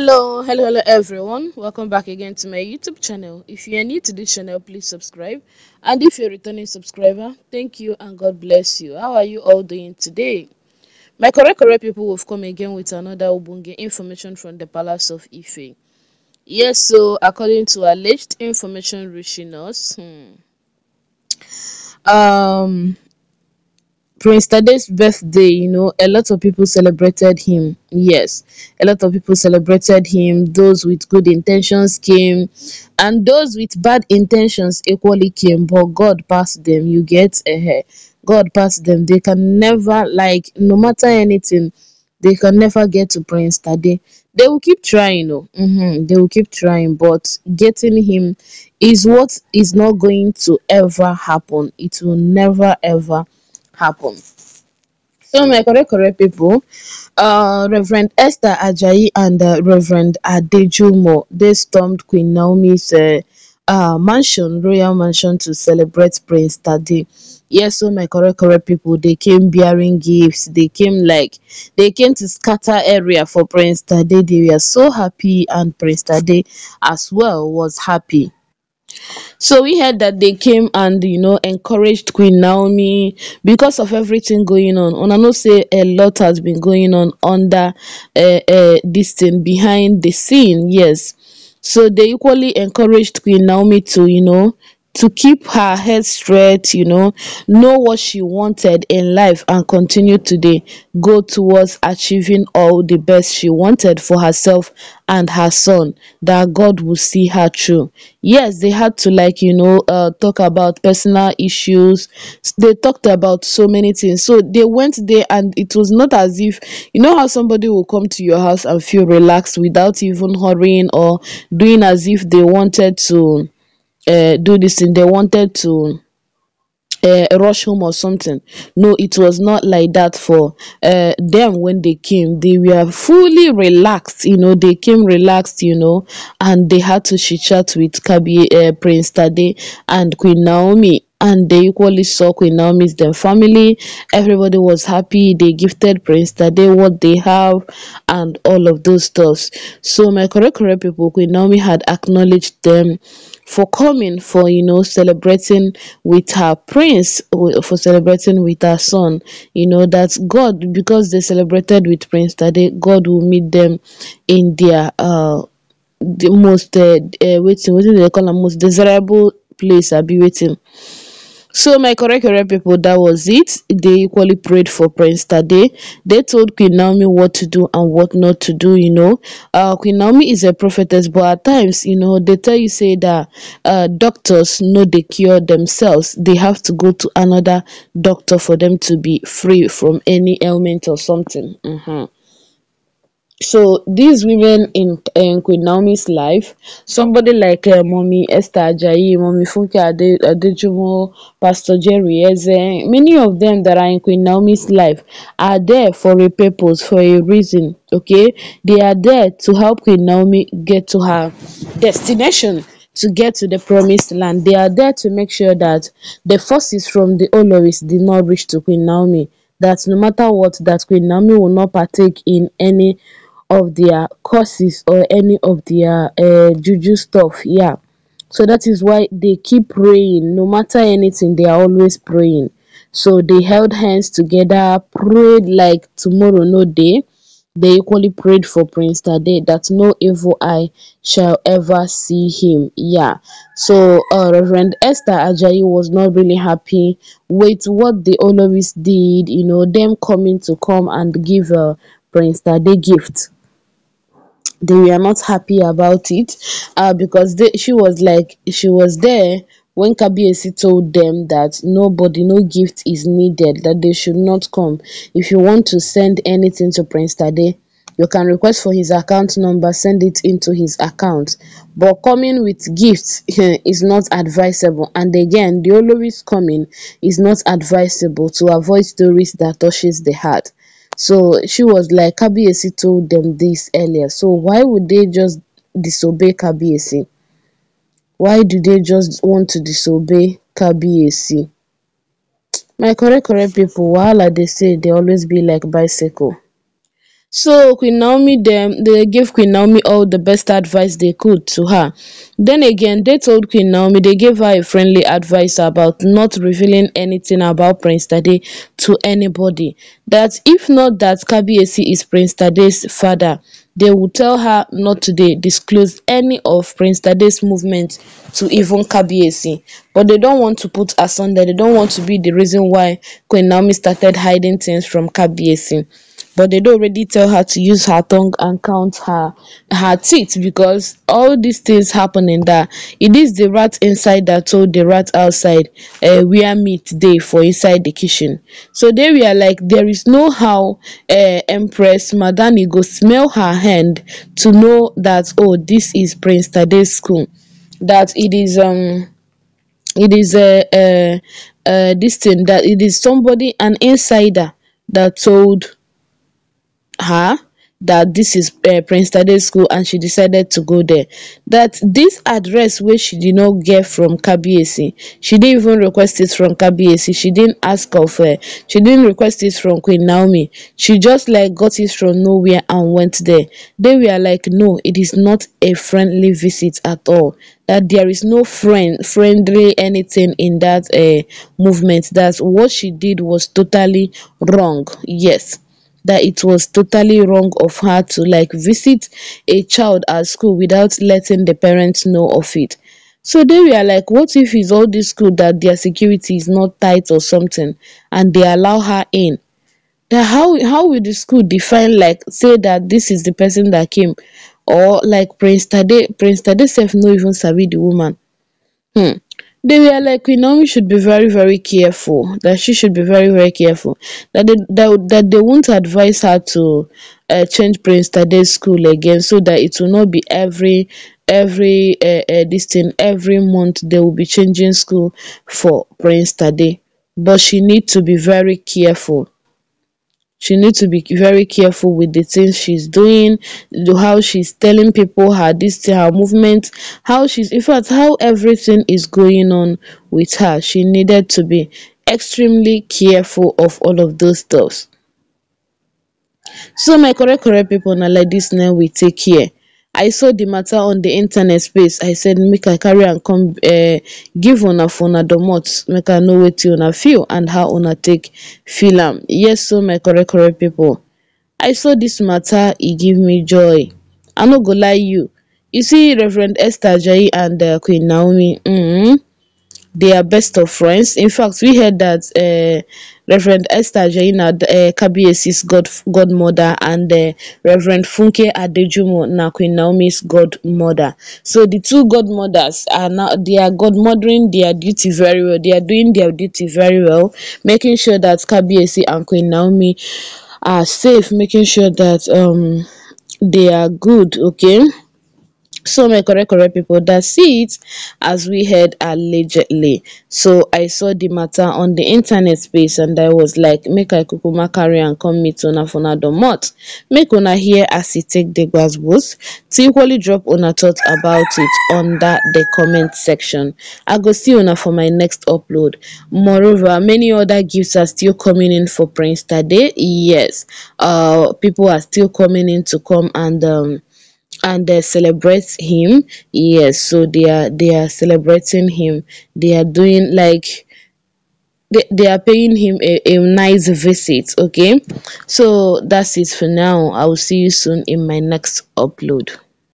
hello hello hello everyone welcome back again to my youtube channel if you are new to this channel please subscribe and if you're a returning subscriber thank you and god bless you how are you all doing today my correct correct people will come again with another ubunge information from the palace of ife yes so according to alleged information reaching us hmm, um Prince Tade's birthday, you know, a lot of people celebrated him. Yes, a lot of people celebrated him. Those with good intentions came, and those with bad intentions equally came, but God passed them. You get a hair. God passed them. They can never, like, no matter anything, they can never get to Prince Tade. They will keep trying, though. Mm-hmm. They will keep trying, but getting him is what is not going to ever happen. It will never, ever happen. So, my correct, correct people, uh, Reverend Esther Ajayi and uh, Reverend Adejumo, they stormed Queen Naomi's uh, uh, mansion, royal mansion, to celebrate Prince Tadi. Yes, so my correct, correct people, they came bearing gifts. They came like, they came to scatter area for Prince Tade. They were so happy and Prince Tade as well was happy. So we heard that they came and you know encouraged Queen Naomi because of everything going on. And I know say a lot has been going on under uh, uh, this thing behind the scene. Yes, so they equally encouraged Queen Naomi to you know to keep her head straight, you know, know what she wanted in life and continue today go towards achieving all the best she wanted for herself and her son that God will see her through. Yes, they had to like, you know, uh, talk about personal issues. They talked about so many things. So they went there and it was not as if, you know how somebody will come to your house and feel relaxed without even hurrying or doing as if they wanted to uh, do this thing. They wanted to uh, rush home or something. No, it was not like that for uh, them when they came. They were fully relaxed, you know. They came relaxed, you know, and they had to chit chat with Kabi, uh, Prince Tade, and Queen Naomi and they equally suck with Naomi's them family. Everybody was happy. They gifted Prince Tade what they have and all of those stuffs. So my correct correct people, Queen Naomi had acknowledged them for coming for you know celebrating with her prince for celebrating with her son you know that's god because they celebrated with prince today god will meet them in their uh the most uh, uh waiting do they call them most desirable place i'll be waiting so my correct correct people, that was it. They equally prayed for Prince Tade. They told Queen Naomi what to do and what not to do, you know. Uh, Queen Naomi is a prophetess, but at times, you know, they tell you say that uh, doctors know they cure themselves. They have to go to another doctor for them to be free from any ailment or something. Mm -hmm so these women in eh, in Queen Naomi's life, somebody like uh, Mommy Esther Ajayi, Mommy Funke Ade, Adejumo, Pastor Jerry Eze, many of them that are in Queen Naomi's life are there for a purpose, for a reason, okay? They are there to help Queen Naomi get to her destination to get to the promised land. They are there to make sure that the forces from the Oloris did not reach to Queen Naomi. That no matter what, that Queen Naomi will not partake in any of their courses or any of their uh, juju stuff yeah so that is why they keep praying no matter anything they are always praying so they held hands together prayed like tomorrow no day they equally prayed for Prince Tade that no evil eye shall ever see him. Yeah. So uh, Reverend Esther Ajayi was not really happy with what the Olovis did, you know, them coming to come and give uh, Prince Tade gift they were not happy about it uh, because they, she was like she was there when Kabiesi told them that nobody, no gift is needed, that they should not come. If you want to send anything to Prince Tade, you can request for his account number, send it into his account. But coming with gifts is not advisable. And again, the always coming is not advisable to avoid stories that touches the heart. So she was like, Kabiesi told them this earlier. So why would they just disobey Kabiesi? Why do they just want to disobey Kabiesi? My correct, correct people, while they say they always be like bicycle. So Queen Naomi them they gave Queen Naomi all the best advice they could to her. Then again they told Queen Naomi they gave her a friendly advice about not revealing anything about Prince Tade to anybody. That if not that Kabiesi is Prince Tade's father, they would tell her not to disclose any of Prince Tade's movements to even Kabiesi. But they don't want to put asunder, they don't want to be the reason why Queen Naomi started hiding things from Kabiesi but they don't already tell her to use her tongue and count her her teeth because all these things happening that it is the rat inside that told the rat outside uh, eh, are meat they for inside the kitchen so there we are like there is no how uh, empress madani go smell her hand to know that oh this is prince today's school that it is um it is a uh, eh, uh, uh, this thing that it is somebody an insider that told her that this is uh, Prince Tade school and she decided to go there. That this address which she did not get from KBAC, she didn't even request it from KBAC. She didn't ask of her. She didn't request it from Queen Naomi. She just like got it from nowhere and went there. They were like, no, it is not a friendly visit at all. That there is no friend, friendly anything in that uh, movement. That what she did was totally wrong. Yes that it was totally wrong of her to like visit a child at school without letting the parents know of it so they were like what if it's all this school that their security is not tight or something and they allow her in Then how how will the school define like say that this is the person that came or like prince tade prince tade self no even sabi the woman hmm they were like naomi should be very very careful that she should be very very careful that they that, that they won't advise her to uh, change prince tade's school again so that it will not be every every uh, uh, this thing every month they will be changing school for prince tade but she need to be very careful she needs to be very careful with the things she's doing, the- how she's telling people her this her movement, how she's, in fact, how everything is going on with her. She needed to be extremely careful of all of those stuff. So my correct correct people, now like this now we take care i saw the matter on the internet space i said make i carry and come um give una for una domot make i know wetin una feel and how una take feel am yes so my correct correct people i saw this matter. It give me joy i no go lie you you see reverend esther ajayi and eh, queen naomi Hmm they are best of friends. In fact, we heard that uh, Reverend Esther Jaina, uh, eh, KBS's god, godmother, and uh, Reverend Funke Adejumo, now Queen Naomi's godmother. So the two godmothers are now, they are godmothering their duty very well. They are doing their duty very well, making sure that KBS and Queen Naomi are safe, making sure that um, they are good, okay? So some correct correct people that see it as we heard allegedly so i saw the matter on the internet space and i was like make i kukuma carry and come meet una for una domot make una hear as e take the gbas boost to equally drop una thoughts about it under the comment section i go see una for my next upload moreover many other gifts are still coming in for prince today yes uh people are still coming in to come and um and they celebrate him yes so they are they are celebrating him they are doing like they, they are paying him a, a nice visit okay so that's it for now i will see you soon in my next upload